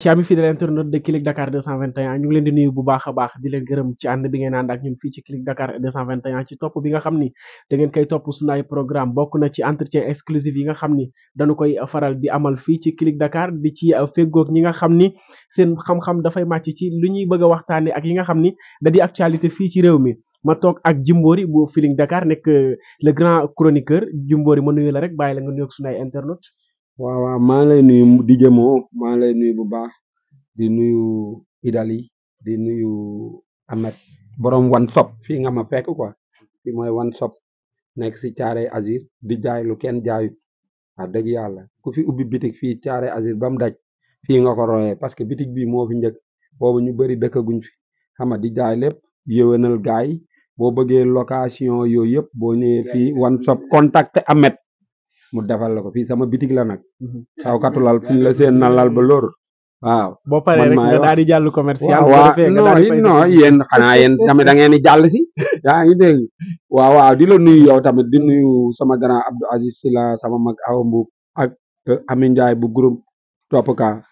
ci ami fidèle internet de Click Dakar 221 ñu ngi leen di nuyu bu baax a baax di leen gërëm ci ànd bi ngeen ànd ak ñun fii ci Click Dakar ci topp bi nga xam ni da ngeen topp suñu programme bokk na ci entretien exclusif yi nga xam ni dañu koy faral di amal fii ci Click Dakar di ci euh, feggoog ñi nga xam ni seen xam-xam dafay màcc ci lu ñuy bëgg a waxtaane ak yi nga xam ni da actualité fii ci réew mi ma toog ak Jimbori bu Feeling Dakar nekk euh, le grand chroniqueur Jimbori ma nuyu la rek bàyyi la nga nuyoog suñu ay waaw maa ngi lay nuyu DJ Mo maa lay nuyu bu baax di nuyu Idali di nuyu Ahmed borom wan sob fii nga ma fekk ko fii mooy One Shop nekk si Thiaroye asir di jaay lu kenn jaayut wax dëgg yàlla ku fi ubbi bitik fii Thiaroye Azur ba mu daj fii nga ko royee parce que bitik bii moo fi njëkk boobu ñu bëri dëkkaguñ fi xam nga di jaay lépp yéwénal gaay boo bëggee location yooyu yëpp boo ñëwee fii One Shop contacté Ahmed mu defal lako fi sama bitik la nak saw katu lal fu la seen nalal ba lor waaw bo pare rek nga daal jall commercial wa non non yeen xana yeen tamit da ngeen di jall ci ya ngi deg waaw waaw di la nuyu yow tamit di nuyu sama grand Abdou Aziz Sila sama mag Awa euh, bu ak Amin Njaay bu groom topp ka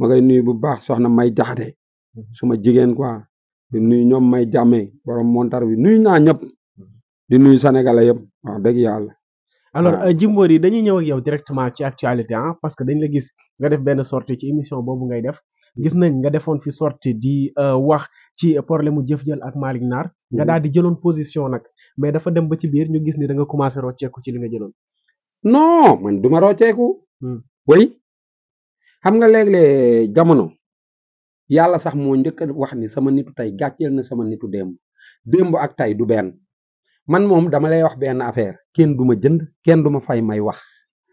ma ngay nuyu bu baax soxna May Jaxate mhmm. suma jigen quoi di nuyu ñom May borom montar bi nuyu na ñep di nuyu Sénégalais yeb wax dëgg yalla alors Djimbory ah. euh, yi dañuy ñëw ak yow directement ci actualité hein ah, parce que dañ la gis nga def benn sortie ci émission boobu ngay def gis nañ nga defoon fi sortie di euh, wax ci problème jëf jël ak malik Nar mm. nga daal di jëloon position nag mais dafa dem ba ci biir ñu gis ni da nga commencé rocceeku ci li nga jëloon non man duma rocceeku way mm. xam nga léeg euh, jamono yàlla sax moo njëkk wax ni sama nitu tey gàcceel na sama nitu démb démb ak tey du benn man moom dama lay wax benn affaire kenn du ma jënd kenn du ma fay may wax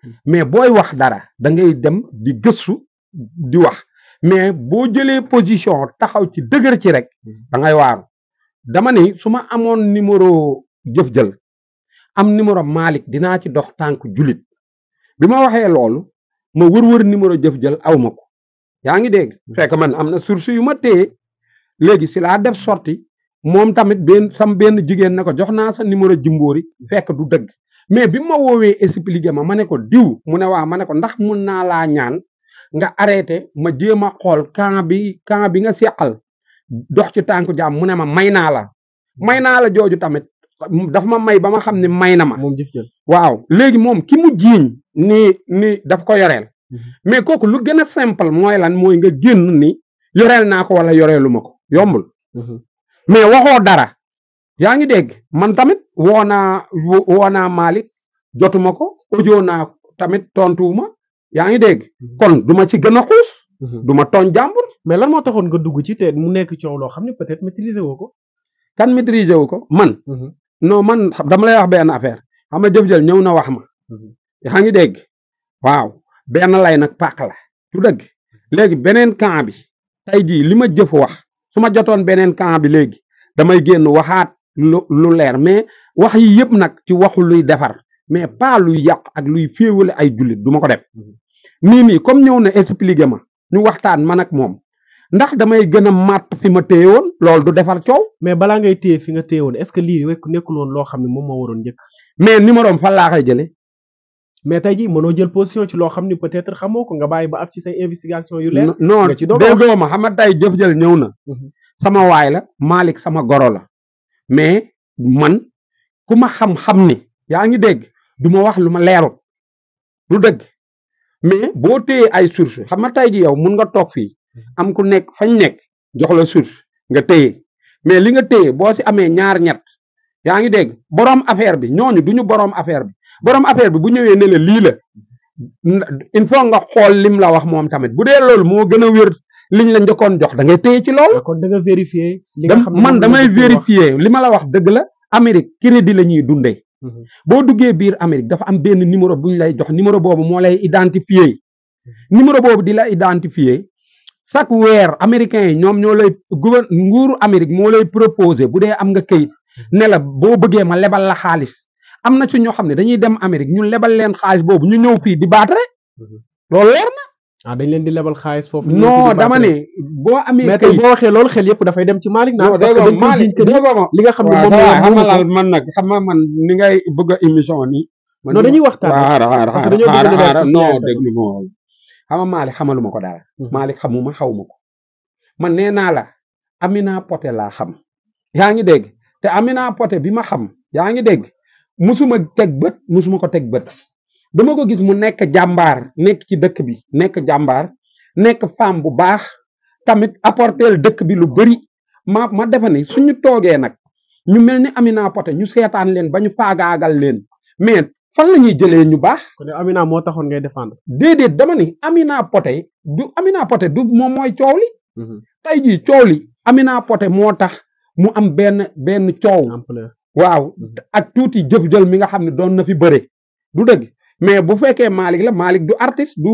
hmm. mais booy wax dara da ngay dem di gëstu di wax mais boo jëlee position taxaw ci dëgër ci rek hmm. da ngay waaru dama ni su ma amoon numéro jëf jël am numéro Malick dinaa ci dox tànk julit bi ma waxee loolu ma wër-wër numéro jëf jël aw ko yaa ngi dégg hmm. fekk man am na source yu ma téye léegi si laa def sorti moom tamit benn sam benn jigéen na ko jox naa sa numéro Jimbori fekk du dëgg mais bi ma woowee expliqué ma ma ne ko diw mu ne waa ma ne ko ndax mun naa laa ñaan nga arrêté ma jéem a xool camp bi camp bi nga seqal dox ci tànku jaam mu ne ma may naa la may naa la jooju tamit dafa ma may ba ma xam ne may na ma. moom waaw léegi moom ki mu jiiñ ni ni daf ko yoreel. Mhm. mais kooku lu gën a simple mooy lan mooy nga génn ni yoreel naa ko wala yoreelu ma ko yombul. Mhm. mais waxoo dara yaa ngi dégg man tamit woo naa woo naa Malick jotuma ko audio naa tamit tontuwuma yaa ngi dégg mhm. kon duma ci gën a xuus mhm. du ma tooñ jàmbur mais lan moo taxoon nga dugg ci te mu nekk coow loo xam ne peut-être ko kan maîtriser wu ko man mhm. noo man dama lay wax benn affaire xam nga jëf-jël ñëw na wax ma yaa ngi dégg waaw benn lay nag paak la du dëgg léegi beneen camp bi tey jii li ma jëf wax su ma jotoon beneen camp bi léegi damay génn waxaat lu lu leer mais wax yi yëpp nag ci waxu luy defar mais pas luy yàq ak luy féewale ay jullit duma ko def mii mm-hmm. mii comme ñëw na expliqué ma ñu waxtaan ma nag moom ndax damay gën a màtt fi ma téye woon loolu du defar coow. mais balaa ngay téye fi nga téye woon est-ce que lii rek nekkul loo xam ne moom moo waroon njëkk. mais numéro am fan laa koy jëlee mais tey jii mënoo jël position ci loo xam ni peut-être xamoo ko nga bàyyi ba ab ci say investigation yu leer non déggoo ma xam nga tey jëf jël ñëw na mhm. sama waay la Malick sama goro la mais man ku ma xam-xam ni yaa ngi dégg du ma wax lu ma leerul lu dëgg mais boo téyee ay source xam nga ji yow mun nga toog fii mhm. am ku nekk fañ nekk jox la source nga téye mais li nga téye boo si amee ñaar ñett yaa ngi dégg boroom affaire bi ñoo ñooñu duñu boroom affaire bi borom affaire bi bu ñëwee ne lii la in faut nga xool lim la wax moom tamit bu dee loolu moo gën a wér liñ la njëkkoon jox da ngay téye ci lool kon da nga vérifier nga xam man damay vérifier li ma la wax dëgg la Amérique crédit la ñuy dundee. Mhm. boo duggee biir Amérique dafa am benn numéro bu ñu lay jox numéro boobu moo lay identifier numéro boobu di la identifier chaque weer américain yi ñoom ñoo lay gouverne nguuru Amérique moo lay proposer bu dee am nga kayit ne boo bëggee ma lebal la xaalis. am na ci ñoo xam ne dañuy dem Amérique ñu lebal leen xaalis boobu ñu ñëw fii di baatare loolu leer na. ah dañ leen di lebal xaalis foofu. non dama ne boo amee. boo waxee loolu xel yëpp dafay dem ci Malick. non déggoo Malick li nga xam ne man nag xam man ni ngay bëgg a émission nii. non dañuy waxtaan parce que dañoo ma xam xamaluma ko dara. Hmm. Malick xamuma xawuma ko. man nee naa la Amina Poté laa xam. yaa ngi dégg te naa Poté bi ma xam yaa ngi dégg musuma teg bët musuma ko teg bët dama ko gis mu nekk jàmbaar nekk ci dëkk bi nekk jàmbaar nekk femme bu baax tamit apporter dëkk bi lu bëri ma ma defe ne suñu toogee nag ñu mel ni Amina Poté ñu seetaan leen ba ñu faagaagal leen mais fan la ñuy jëlee ñu baax. kon Amina moo taxoon ngay défendre. déedéet dama ni Amina Poté du Amina Poté du moom mooy coow li. Mhm. tey jii coow li Amina Poté moo tax mu am benn benn coow. waaw ak tuuti jëf-jël mi nga xam ne doon na fi bëre du dëgg mais bu fekkee Malick la Malick du artiste du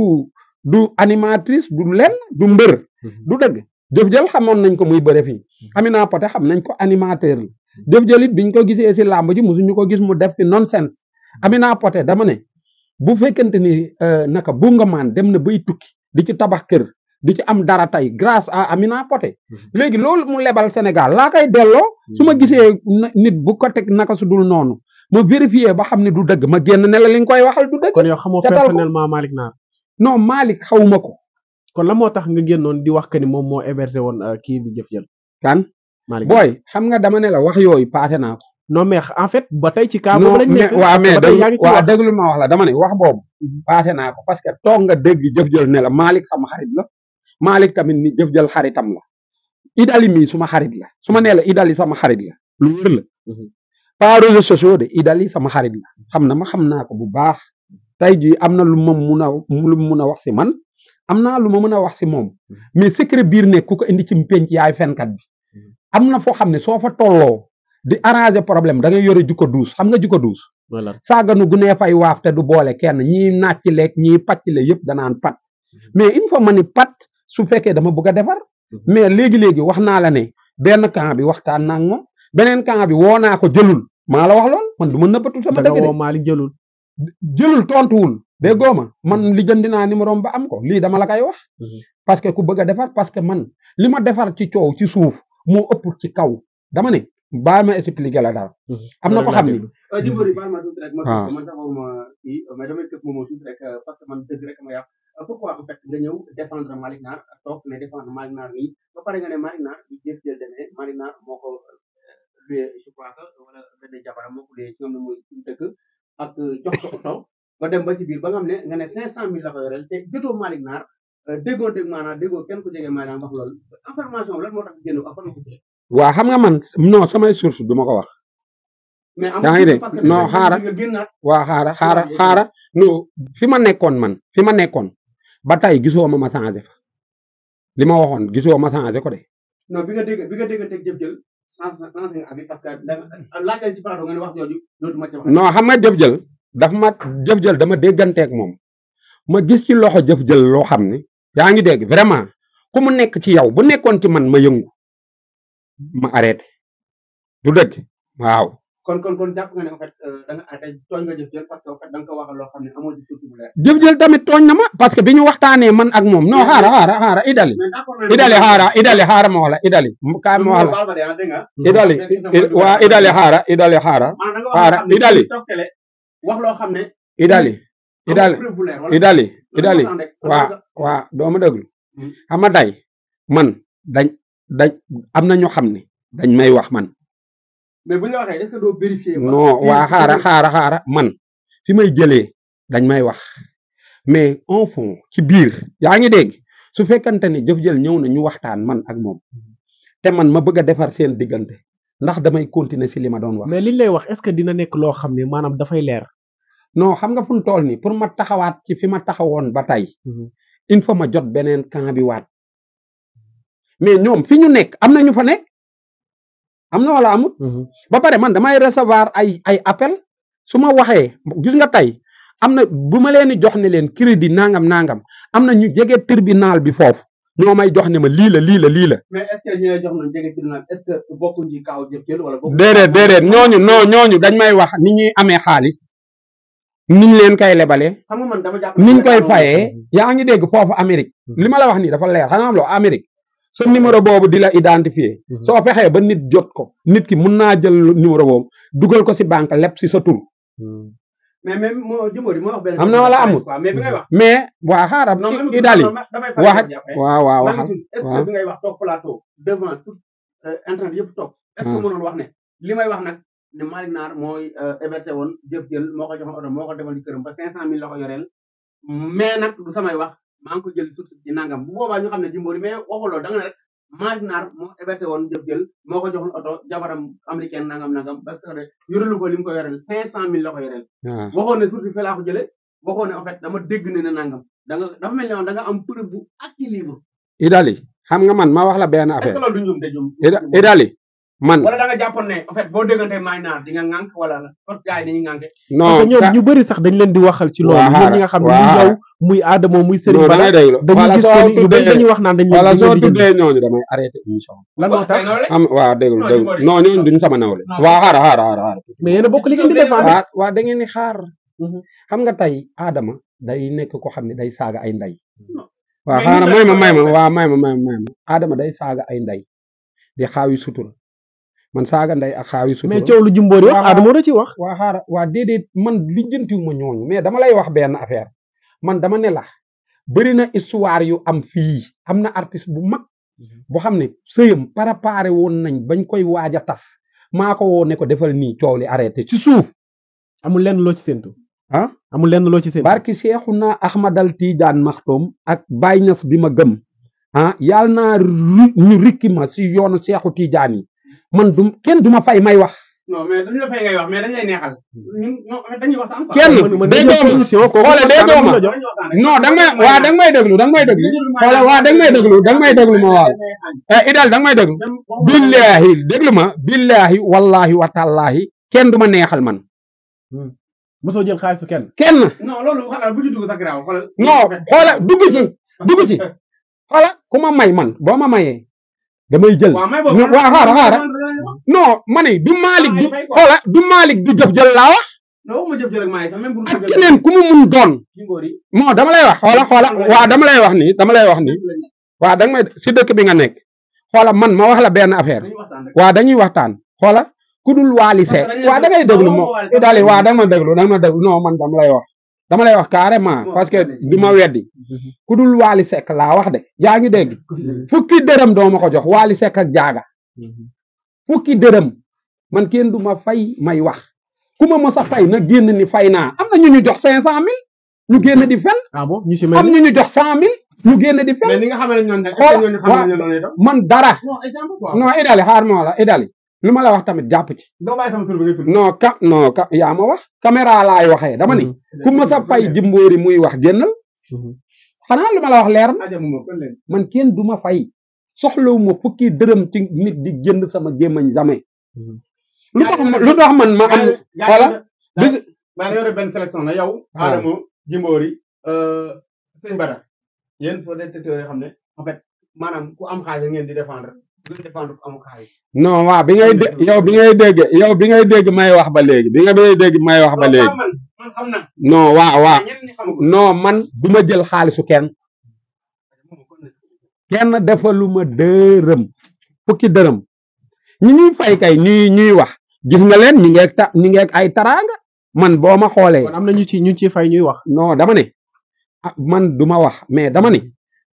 du animatrice du lenn du mbër mhm. du dëgg jëf-jël xamoon nañ ko muy fi fii mhm. naa Poté xam nañ ko animateur la jëf jëlit biñ ko gisee si làmb ji musuñu ko gis mu def fi nonsense naa Poté dama ne bu fekkente ni euh, naka bu nga maan dem na bay tukki di ci tabax kër di ci am dara tey grâce à Amina Poté mhm. léegi loolu mu lebal Sénégal laa koy delloo su ma mhm. gisee nit bu ko teg naka su dul noonu ma vérifié ba xam ne du dëgg ma génn ne la li nga koy waxal du dëgg. kon yow xamoo personnellement Malick Naar. non Malick xawuma ko. kon la moo tax nga génnoon di wax que ni moom moo hébergé woon euh, kii di jëf-jël. kan Malick booy xam nga dama ne la wax yooyu passé naa ko. non mais en fait ba tey ci cas boobu lañ nekk waaw mais waaw déglu ma wax la dama ne wax boobu. Mhm. passé naa ko parce que toog nga dégg jëf-jël ne la Malick sama xarit la. malik tamit ni jëf jël xaritam la idali mi suma xarit la suma neela idali sama xarit la lu wër la mhm. pas réseaux sociaux de idali sama xarit la xamna ma xamna ko bu baax tay ji amna lu mom muna lu muna wax ci man amna lu ma mën wax ci mom mhm. mais secret bir nek kuko indi ci penc yaay kat bi mhm. amna fo xamne so fa tolo di arranger problème da ngay yore jukko douce xam nga jukko duus fay waaf te du bolé kenn ñi nacc lek ñi le da danaan pat mais une fois mané pat su fekke dama bëgg défar defar mhm. mais légui légui wax naa la né ben camp bi waxtaan naa ak benen camp bi woo naa ko jëlul ma la wax lool man duma neppatu sama dëgg de ma li jëlul jëlul tontuwul dégg goma mhm. man li jëndina naa numéro ba am ko li dama la kay wax mhm. parce que ku bëgg défar defar parce que man lima défar defar ci ciow ci suuf mo upp ci kaw dama né ba ma expliquer la dal amna na ko Aji ni jubari euh, baal ma tuuti rek ma ah. man sax ma kii mais damay tëb moom tuuti rek euh, parce que man dëgg rek ma yàq pourquoi en fait nga ñëw défendre Malick Nar toog ne défendre Malick Nar nii ba pare nga ne Malick Nar di jëf jël demee Malick Nar moo ko luyee je crois que wala benn jabaram moo ko luyee ci nga xam ne mooy suñu dëkk ak jox ko oto ba dem ba ci biir ba nga xam ne nga ne 500000 la ko yoreel te jotoo Malick dégg maanaam déggoo kenn ku jege maanaam wax loolu information lan moo tax génn information bi. xam nga man non sama source du ma ko wax. mais yaa ngi dégg non xaara. waaw xaara xaara xaara non fi ma nekkoon man fi ma nekkoon. ba tey gisoo ma ma ma waxoon gisoo ma changé ko de. jëf jël non xam nga jëf jël daf ma jëf jël dama dégganteeg moom ma gis ci loxo jëf jël loo xam ne yaa ngi dégg vraiment ku mu nekk ci yow bu nekkoon ci man ma yëngu ma arrêté du dëgg waaw. kon kon kon jàpp nga euh, jëf jël parce que tamit tooñ na ma parce bi ñu waxtaanee man ak moom non xaara xaara xaara idali. idali xaara idali xaara ma idali. ka ma ah, idali idali idali idali loo xam ne. idali idali waa waa doo ma déglu. Hmm. xam man am na ñoo xam ne dañ may wax man. mais bu ñu est-ce que doo vérifier. non waa xaara xaara man fi may jëlé dañ may wax mais en fond ci biir yaa ngi dégg su fekkante ni jëf jël ñëw na ñu waxtaan man ak mom té man ma bëgg défar defar seen diggante ndax damay continuer ci li ma doon wax. mais liñ lay wax est-ce que dina nekk lo xam manam da fay lèr non xam nga fuñ mu toll pour ma taxawaat ci fi ma taxawoon ba tey mhm. il faut ma jot beneen camp bi waat mais ñoom fi ñu nekk am na ñu fa nekk. am na wala amut. Mhm. ba pare man damay recevoir ay ay appel su ma waxee gis nga tey am na bu ma leen jox ne leen crédit nangam nangam am na ñu jege tribunal bi foofu ñoo may jox ne ma lii la lii la lii la. mais est-ce que ñooñu ñooñu dañ may wax ni ñuy amee xaalis. niñ leen koy lebalee. xam nga man dama jàpp niñ koy fayee. Mm-hmm. yaa ngi dégg foofu Amérique. Mm-hmm. li ma la wax nii dafa leer xam nga am loo Amérique. sa numéro boobu di la identifier mhm. soo fexee ba nit jot ko nit ki mun naa jël numéro boobu dugal ko si banque lépp si sa tur hmm. mais même moo jëmbori moo wax benn am na wala amul mais waa xaaral i daal yi wax waaw waaw wax toog plateau devant tout euh, yëpp toog ah. wax ne li may wax nag ne Malick Naar mooy euh, héberté jël moo ko moo ko defal ci këram ba cinq cent la ko yoreel mais nag du samay wax maa ngi ko jël suuf ci nangam bu boobaa ñu xam ne jimboori mais waxuloo da nga ne rek moo éberté woon jëf jël moo ko joxoon oto jabaram américaine nangam nangam parce que yorelu ko li ko yoreel cinq cent mille la ko yoreel ah. waxoon ne suuf bi felaa ko dama dégg ne ne nangam da nga dafa mel ne da nga am preuve bu équilibre xam nga man ma wax la benn affaire loolu du ñum te jum idali man wala da nga jàppoon ne en fait boo déggante maay naar di nga ŋànk wala la ci loolu ñoom ñi muy Adamo muy Serigne Bala dañuy gis ni wax naan dañu wala soo tuddee ñooñu damay arrêté émission lan moo tax am sama nawle waaw xaar a bokk da ngeen di xaar mhm. xam nga tey Adama day nekk ko xam ne day saaga ay ndey waaw xaaral may ma may day saaga ay ndey di xaawi sutura man saaga ndey ak xaawi sutura mais coow lu jumboor wax Adama da wax waaw man li jëntiwu ma mais dama lay wax benn affaire man dama ne la bëri na histoire yu am fii am na artiste bu mag mhm. boo xam ne sëyam préparé woon nañ bañ koy waaj a tas maa ko woo ko defal nii coow li arrêté ci suuf. amul lenn loo ci séntu. ah amul lenn loo ci séntu. barki Seexuna Axmadal Tiijaan Maxtoom ak Baay Ñas bi ma gëm. ah yàlla naa rikki ma si yoonu Seexu Tiijaan yi man du kenn du fay may wax. non mais dañu la fay ngay wax mais dañ lay neexal. ñun dañuy waxtaan quoi. kenn déggoo ma xoole déggoo ma non da nga may da may déglu da nga may déglu. xoole waaw da nga may déglu da nga may déglu ma waaw. Eh, Idal da nga may déglu. billahi déglu ma billahi wallahi wa kenn du ma neexal man. Hmm. mosoo jël xaalisu kenn. kenn. non loolu xanaa bu ku ma may man boo ma mayee damay jël waaw xaara ma ne du Malick du xoola du Malick du jëf jël laa wax ak keneen ku mu mun doon moo dama lay wax xoola xoola waaw dama lay wax ni dama lay wax ni waa danga may si dëkk bi nga nekk xoola man ma wax la benn affaire waaw dañuy waxtaan xoola ku dul Wally waa waaw da ngay déglu moo daal waa danga ma déglu danga ma déglu noo man dama lay wax dama lay wax carrément parce que bima weddi kudul wali sek la wax de yaa deg fukki dërëm do mako jox wali sek ak jaaga mhm. fukki dërëm man ken duma fay may wax kuma ma mës fay na genn ni fay naa am ñu ñu jox 500000 ñu genn di fen ah bon ñu si mel am ñu ñu jox 100000 ñu genn di fen mais ni nga ñu xamé ñoom ne do man dara non Idali xaar la Idali lu ma la wax tamit jàpp ci. doo bàyyi sama tur bi ka non ka wax. caméra laay waxee dama ni. Mhm. ku sa fay Jimbori muy wax génnal. Mhm. xanaa lu ma la wax leer man kenn du ma fay. soxlawu fukki dërëm ci nit di jënd sama gémmañ jamais. Mhm. lu tax man ma am. voilà. non waa bi ngay dé yow bi ngay dégg yow bi ngay dégg may wax ba léegi bi nga dee dégg may wax ba léegi non waaw waa non man du ma jël xaalisu kenn kenn defaluma dërëm fukki dërëm ñi ñuy fay kay ñuy ñuy wax gis nga leen ñi ngeeg ta ñi ngeeg ay taraanga man boo ma xoolee. am na ñu ci ñu ci fay ñuy wax. no dama ne ah, man duma wax mais dama ni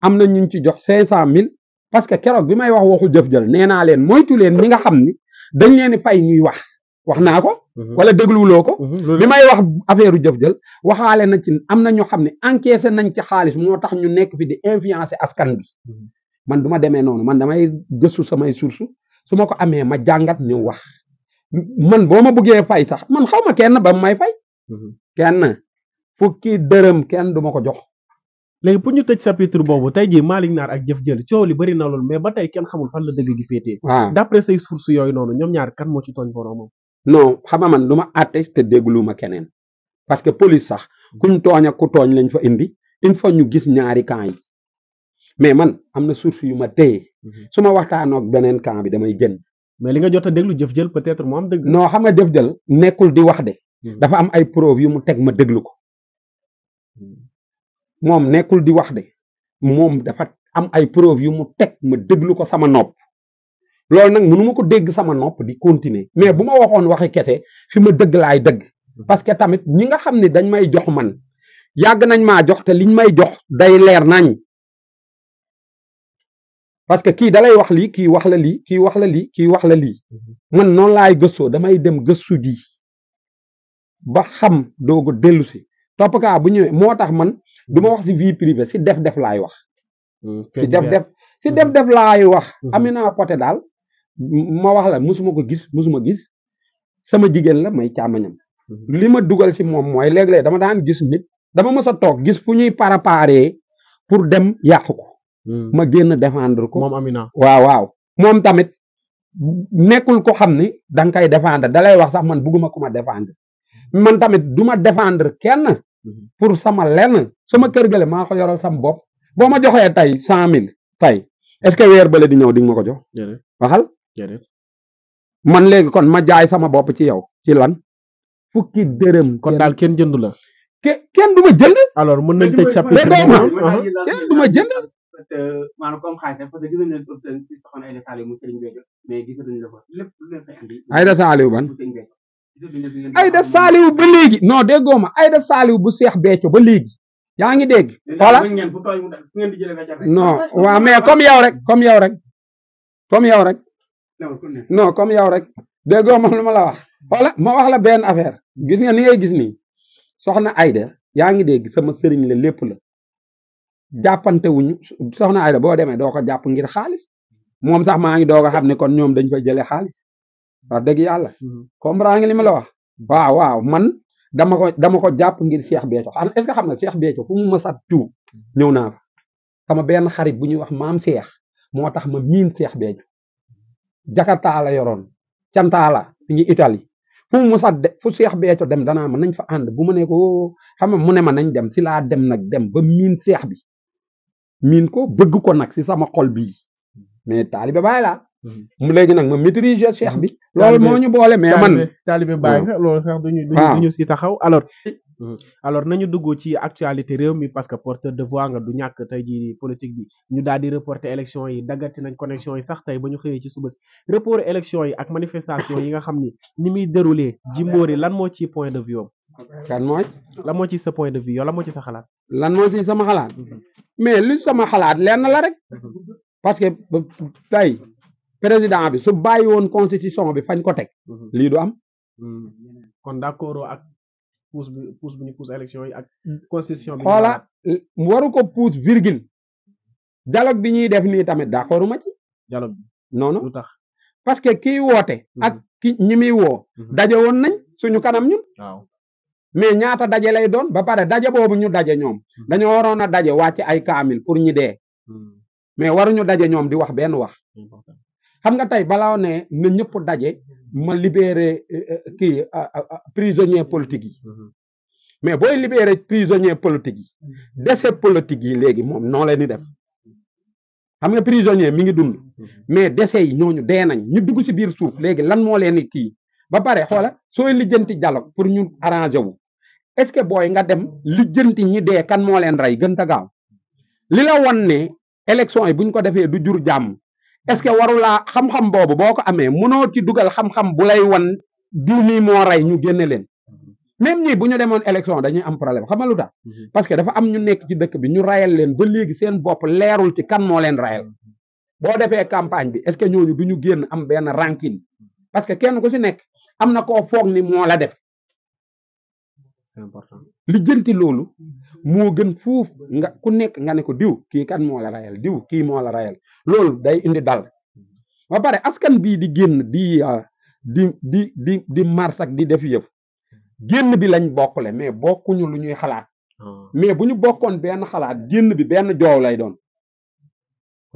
am na ñu ci jox cinq cent mille parce que keroog bi may wax waxu jëf jël nee naa leen moytu leen ñi nga xam ni dañ leen di fay ñuy wax wax naa ko. Mhm. wala dégluwuloo ko. Mhm, bi may wax affaire jëf jël waxaale na ci am na ñoo xam ne encaissé nañ ci xaalis moo tax ñu nekk fi di influencer askan bi. Mhm. man du demee noonu man damay gëstu samay source su ma ko amee ma jàngat ñëw wax man boo ma bëggee fay sax man xaw ma kenn ba may fay. kenn fukki dërëm kenn duma ko jox. léegi pour ñu tëj pitre boobu tey jii Malick Naar ak Jëf Jël coow li bëri na lool mais ba tey kenn xamul fan la dëgg gi féetee. waaw say sources yooyu noonu ñoom ñaar kan moo ci tooñ boroomam. non xam nga man lu ma àtte te dégguluma keneen parce que police sax kuñ tooñ ak ku tooñ lañ fa indi il faut ñu gis ñaari camp mais man am na source yu ma téye mhm. su ma waxtaanoo beneen camp bi damay génn. mais li nga jot a déglu Jëf Jël peut-être am dëgg. non xam nga Jëf Jël nekkul di wax de. Mhm. dafa am ay preuve yu mu teg ma déglu ko. Mhm. moom nekkul di wax de moom dafa am ay preuve yu mu teg ma déglu ko sama nopp loolu nag munu ma ko dégg sama nopp di continuer mais bu ma waxoon waxi kese fi ma dëgg laay dëgg parce que tamit ñi nga xam ne dañ may jox man yàgg nañ maa jox te liñ may jox day leer nañ parce que kii dalay wax lii kii wax la lii kii wax la lii kii wax la lii man noonu laay gëstoo damay dem gëstu ji ba xam dooga dellusi si toppkaa bu ñëwee moo tax man duma wax si vie privée si def def lay wax. si hmm, def def si def def lay wax. Hmm. Amina côté dal ma wax la musuma ko gis musuma gis sama jigen la may càmmañam. Hmm. lima duggal dugal si moy leg leg dama daan gis nit. dama mësa tok gis fu ñuy préparer pour dem yàqu ko. ma génn défendre ko mom Amina. waaw waaw mom tamit nekul ko xamni dang kay défendre dalay wax sax man bugguma ku ma défendre man tamit duma défendre kenn. pour sama lenn sama kër gale maa ko yoral sama bopp boo ma joxee tey cent mille tey est ce weer bële di ñëw di ma ko jox. waxal man léegi kon ma jaay sama bopp ci yow ci lan fukki dërëm. kon daal kenn jëndu la. kenn du ma jënd. alors mën nañ tëj chapitre bi ma jënd. maanaam comme xaalis parce ban. ay Aida Saliou ba léegi non déggoo ma Aida Saliou bu Seex Béthio ba léegi yaa ngi dégg voilà non mais comme yow rek comme yow rek comme yow rek non comme yow rek déggoo ma lu ma la wax voilà ma wax la benn affaire gis nga ni ngay gis nii soxna Aida yaa ngi dégg sama sëriñ la lépp la jàppante wuñu soxna Aida boo demee doo ko jàpp ngir xaalis moom sax maa ngi doog a xam ne kon ñoom dañ fa jëlee xaalis wax deug yalla hmm. comprendre nga li wax waaw waaw man dama ko dama ko japp ngir Cheikh beto xam est-ce xamna Cheikh beto fu mu ma sat tu naa fa sama ben xarit bu wax mam Cheikh motax ma min Cheikh beto Jakarta la yoron cantaa la ngi italy fu mu sat de fu Cheikh beto dem dana ma nañ fa and bu mu ne ko oh, xam mu ne ma nañ dem sila dem nak dem ba min Cheikh bi min ko bëgg ko nak ci sama xol bi mais talibé bay la mu léegi nag ma maîtriser cheikh bi. loolu moo ñu boole mais man. taalibe bàyyi nga loolu sax duñu duñu si taxaw alors. Mm. alors nañu duggoo ci actualité réew mi parce que porteur de voix nga du ñàkk tey jii politique bi ñu daal di reporter élection yi daggati nañ connexion yi sax tey ba ñu xëyee ci suba si report élection yi ak manifestation yi nga xam ni ni muy déroulé Jimbori lan moo ci point de vue am. lan mooy. moo ci sa point de vue yow lan moo ci sa xalaat. lan moo ci sama xalaat. Mm-hmm. mais sama xalaat lenn la rek. Mm-hmm. parce que tey. président bi su bàyyi woon constitution bi fañ ko teg. Mhm. lii du am. Mhm. kon d'accord ak pousse bi bu ñu pousse yi ak. constitution bi xoola waru ko pousse virgule. dialogue bi ñuy def nii tamit d'accord ma ci. dialogue noonu tax parce que kiy woote. Mhm. ak ki ñi muy woo. daje woon nañ suñu kanam ñun. waaw mais ñaata daje lay doon ba pare daje boobu ñu daje ñoom. dañoo waroon a daje wàcc ay kaamil pour ñi dee. mais waruñu daje ñoom di wax benn wax. xam nga tey balaa ne na ñëpp daje ma libéré euh, euh, kii euh, prisonnier politique yi mm-hmm. mais booy libéré prisonnier politique yi mm-hmm. décès politique yi léegi moom noo leen di def xam nga prisonnier mi ngi dund mm-hmm. mais décès yi ñooñu dee nañ ñu dugg ci biir suuf léegi lan moo leen di kii ba pare xoola sooy lijjanti dialogue pour ñu arrangé wu est-ce que booy nga dem lijjanti ñi dee kan moo leen rey gën gaaw li la won ne élection yi buñ ko defee du jur jàmm est-ce que warula xam-xam bobu boko amé amee ci duggal xam-xam bu lay won diw mii moo rey ñu génne len même ñii bu ñu demoon élection dañuy am problème xam lu tax mhm. parce que dafa am ñu nekk ci dëkk bi ñu rayal len ba légui seen bop lérul ci kan mo len rayal bo défé campagne bi est ce que ñooñu du ñu génn am ben rankine parce que kenn ku ci nekk amna ko fogg ni mo la def c'est important li jënti lolu mo gën fouf nga ku nek nga ne ko diw ki kan mo la rayal diw ki mo la rayal lol day indi dal ba pare askan bi di génn di di di di di mars ak di def yef genn bi lañ bokkule mais bokkuñu lu ñuy xalaat ah. mais buñu bokkon ben xalaat genn bi ben joow lay doon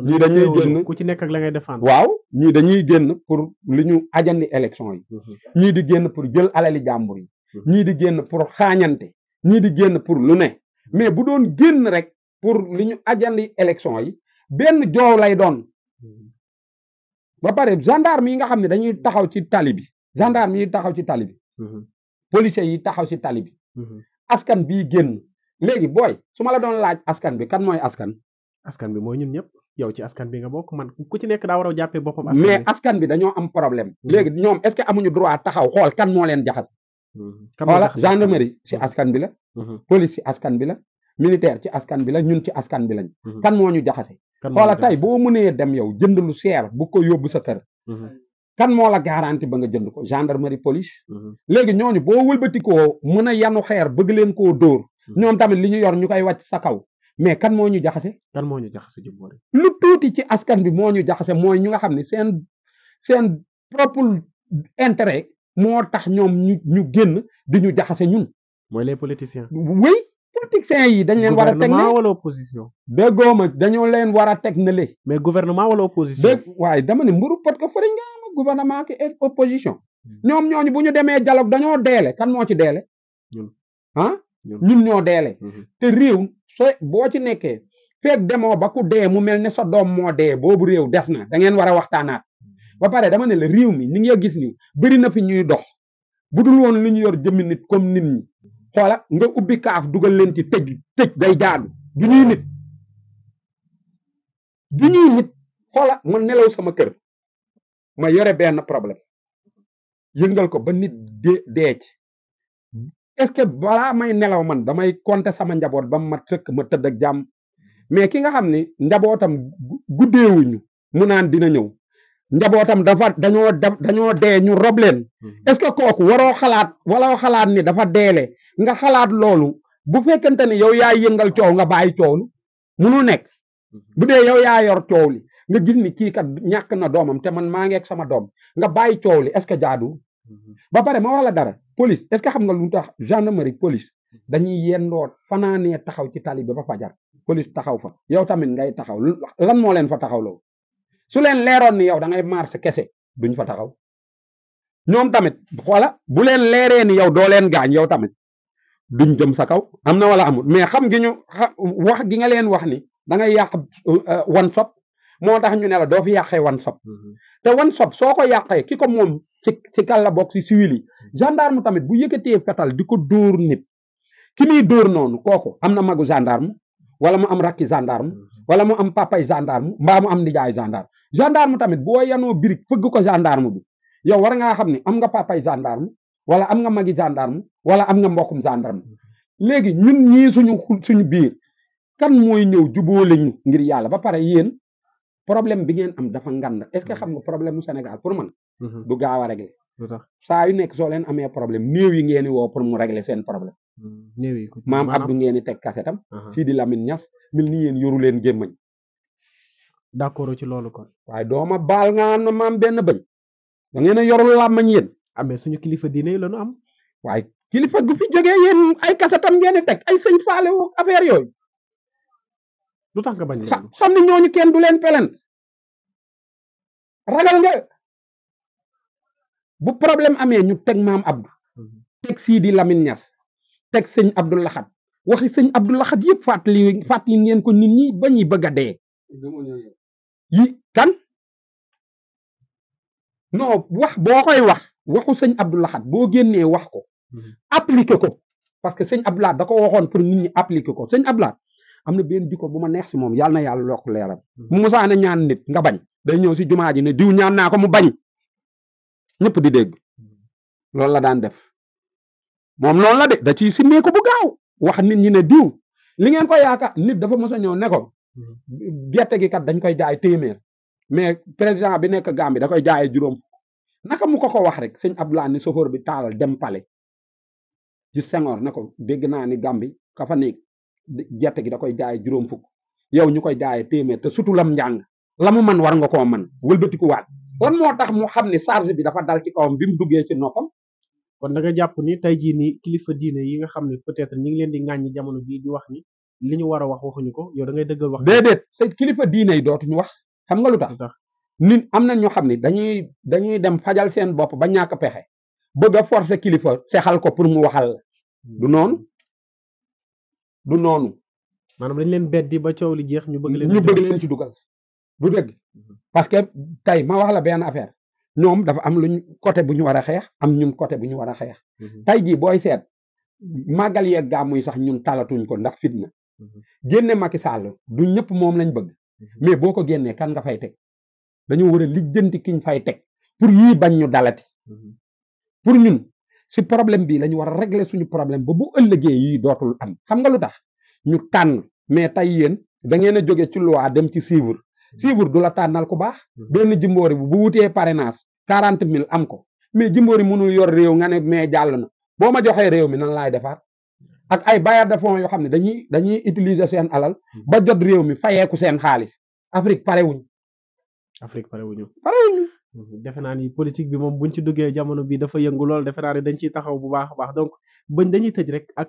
ñi dañuy genn ku ci nek ak la ngay défendre waaw ñi dañuy genn pour li ñu ajandi élection yi mhm. ñi di genn pour jël alali jambour yi mhm. ñi di genn pour xañante ñi di genn pour lu ne mais bu doon génn rek pour li ñu ajandi élection yi benn joow lay doon ba pare gendarme yi nga xam ne dañuy taxaw ci tali bi gendarme yi taxaw ci tali bi mhm. policiers yi taxaw ci tali bi mhm. askan bii génn léegi booy su ma la doon laaj askan bi kan mooy askan askan bi mooy ñun ñëpp yow ci askan bi nga bokk man ku ci nekk daa war jàppee boppam mais askan bi dañoo am problème mhm. léegi ñoom est-ce que amuñu droit taxaw xool kan moo leen jaxas xoola gendarmerie ci askan bi la Mm-hmm. police ci askan bi la militaire ci askan bi la ñun ci askan bi lañ mm-hmm. kan moo ñu jaxase xoola tey boo mënee dem yow jënd lu seer bu ko yóbbu sa kër mm-hmm. kan moo la garanti ba nga jënd ko gendarmerie police léegi ñooñu boo wëlbatikoo mën a yanu xeer bëgg leen koo dóor ñoom tamit li ñu yor ñu koy wacc sa kaw mais kan moo ñu jaxase kan moo ñu jaxase lu tuuti ci askan bi moo ñu jaxase mooy ñu nga xam ne seen seen propre moo tax ñoom ñu ñu génn di ñu jaxase ñun mooy les politiciens. oui politiciens yi war a opposition. leen a le. mais gouvernement wala opposition. dégg waaye dama ne mburu pot ko nga gouvernement opposition. Hmm. ñoom ñooñu bu dialogue dañoo deele kan moo ci hein? ñun ñun ñoo hmm. te réew soo ci nekkee feeg demoo ba ku mu ne sa doom moo dee boobu réew des da ngeen war a waxtaanaat. Hmm. ba pare dama ne réew ni gis ni na fi ñuy dox budul woon yor comme nit xoola nga ubbi kaaf dugal leen ci tëj tëj day jaadu du ñuy nit du ñuy nit xoola ma nelaw sama kër ma yore benn problème yëngal ko ba nit dee dee ci est balaa may nelaw man damay compter sama njaboot ba ma sëkk ma tëdd ak jàmm mais ki nga xam ni njabootam guddewuñu mu naan dina ñëw njabootam dafa dañoo dañoo dee ñu rob leen mm-hmm. kooku waroo xalaat waroo xalaat ni dafa deele nga xalaat loolu bu fekkente ne yow yaa yëngal coow nga bàyyi coow li munu nekk mhm. bu dee yow yaa yor coow li nga gis ni kii kat ñàkk na doomam te man maa ngi ak sama doom nga bàyyi coow li est-ce jaadu mhm. ba pare ma wax la dara polis est xam nga lu tax gendarmerie police dañuy yendoot fanaanee taxaw ci tali bi ba fajar police taxaw fa yow tamit ngay taxaw lan moo leen fa taxaw loolu su leen leeroon ni yow da ngay marché kese duñ fa taxaw ñoom tamit xoola bu leen leeree ni yow doo leen gaañ yow tamit duñ jëm sa kaw amna wala amul mais xam gi ñu wax gi nga leen wax ni da ngay yàq wan euh, sob moo tax ñu ne la doo fi yàqee wan sob te wan sob soo ko yàqee ki ci ci kàlla bokk si civil yi gendarme tamit bu yëkkatee fetal di ko dóor nit ki muy dóor noonu kooku am na magu gendarme wala mu am rakki gendarme wala mu am papay gendarme mbaa mu am nijaay gendarme gendarme tamit boo yanoo birig fëgg ko gendarme bi yow war ngaa xam am nga papay gendarme wala am nga magi gendarme wala am nga mbokum gendarme legi ñun ñi suñu suñu biir kan moy ñew jubo lañu ngir yalla ba paré yeen problème bi ngeen am dafa ngand est ce xam nga problème sénégal pour man mhm. du gawa régler saa yu nek so len amé problème new yi ngeen wo pour mu régler sen problème mm, new yi maam abdou ngeen tek kasetam fi di lamine ñass mil ni yeen yoru len gémmañ d' ci lolu kon way dooma baal nga na maam benn bañ da ngeen yoru yorul yeen amé suñu kilifa diiné la ñu am way kilifa gu fi joggé yeen ay kassatam ngeen tek ay señ faalé wu affaire yoy lu tax nga bañ loolu xam ne kenn du leen pelen ragal nga bu problème amé ñu tek maam abdu mhm. tek sii di lamin ñas teg sëñ abdul laxat waxi sëñ abdul laxat yëpp fàttali fàttali ngeen ko nit ñi ba ñuy bëgg a yi kan no wax boo koy wax waxu sëñ Abdou Lahad boo génnee wax ko mhm. appliqué ko parce que sëñ Abdou Lahad da ko waxoon pour nit ñi appliqué ko sëñ Abdou am na benn jikko bu ma neex si moom yàlla na yàlla lokk leeram mhm. mu na ñaan nit nga bañ day ñëw si jumaa ji ne diw ñaan naa ko mu bañ ñëpp di dégg mhm. loolu la daan def moom noonu la de da ciy simmee ko bu gaaw wax nit ñi ne diw li ngeen ko yaakaar nit dafa mos a ñëw ne ko gerte gi kat dañ koy jaay téeméer mais président bi nekk Gambie da koy jaayee juróom naka mu ko ko wax rek sëñ Abdoulaye ni sofoor bi taalal dem pale ji Senghor ne ko dégg naa ni Gàmbi ka fa nekk gerte gi da koy jaay juróom fukk yow ñu koy jaayee téeméer te surtout lam njàng la mu man war nga koo man wëlbatiku waat lan moo tax mu xam ne charge bi dafa dal ci kawam bi mu duggee ci noppam kon da jàpp ni tey jii ni kilifa diine yi nga xam ne peut-être ñi ngi leen di ŋàññi jamono bii di wax ni li ñu war wax waxuñu ko yow da ngay dëggal wax déedéet sa kilifa diine yi dootuñu wax xam nga lu tax nit am na ñoo xam ne dañuy dañuy dem fajal seen bopp ba ñàkk pexe bëgg a force kilifa sexal ko pour mu waxal hmm. du noonu du noonu. maanaam dañ leen beddi ba coow li jeex ñu bëgg leen. ñu bëgg ci dugal du dëgg. Hmm. parce que tey ma wax la benn affaire ñoom dafa am luñ côté bu ñu war a xeex am ñun côté bu ñu war a xeex. Hmm. tey jii booy seet màggal yeeg gàmmu yi sax ñun talatuñ ko ndax fitna. génne Macky Sall du ñëpp moom lañ bëgg. mais boo ko génnee kan nga fay teg. dañoo war a lijjanti kiñ fay teg pour yii bañ ñu dalati mhm. pour ñun si problème bi lañu war a régler suñu problème ba bu ëllëgee yii dootul am xam nga lu tax ñu tànn mais tey yéen da ngeen a jóge ci loi dem ci suivre mhm. suivre du la tànnal ku baax mhm. benn jimboori bu bu wutee parrainage quarante mille am ko mais jimboori mënul yor réew nga ne mais jàll na boo ma joxee réew mi nan laay defar ak ay bailleurs de fonds yoo xam ne dañuy dañuy utiliser seen alal ba jot réew mi fayeeku seen xaalis Afrique parewuñ Afrique parewuñu parewuñu mmh, defe naa ni politique bi moom buñ ci duggee jamono bi dafa yëngu lool defe naa ne dañ ciy taxaw bu baax a baax donc bëñ dañuy tëj rek ak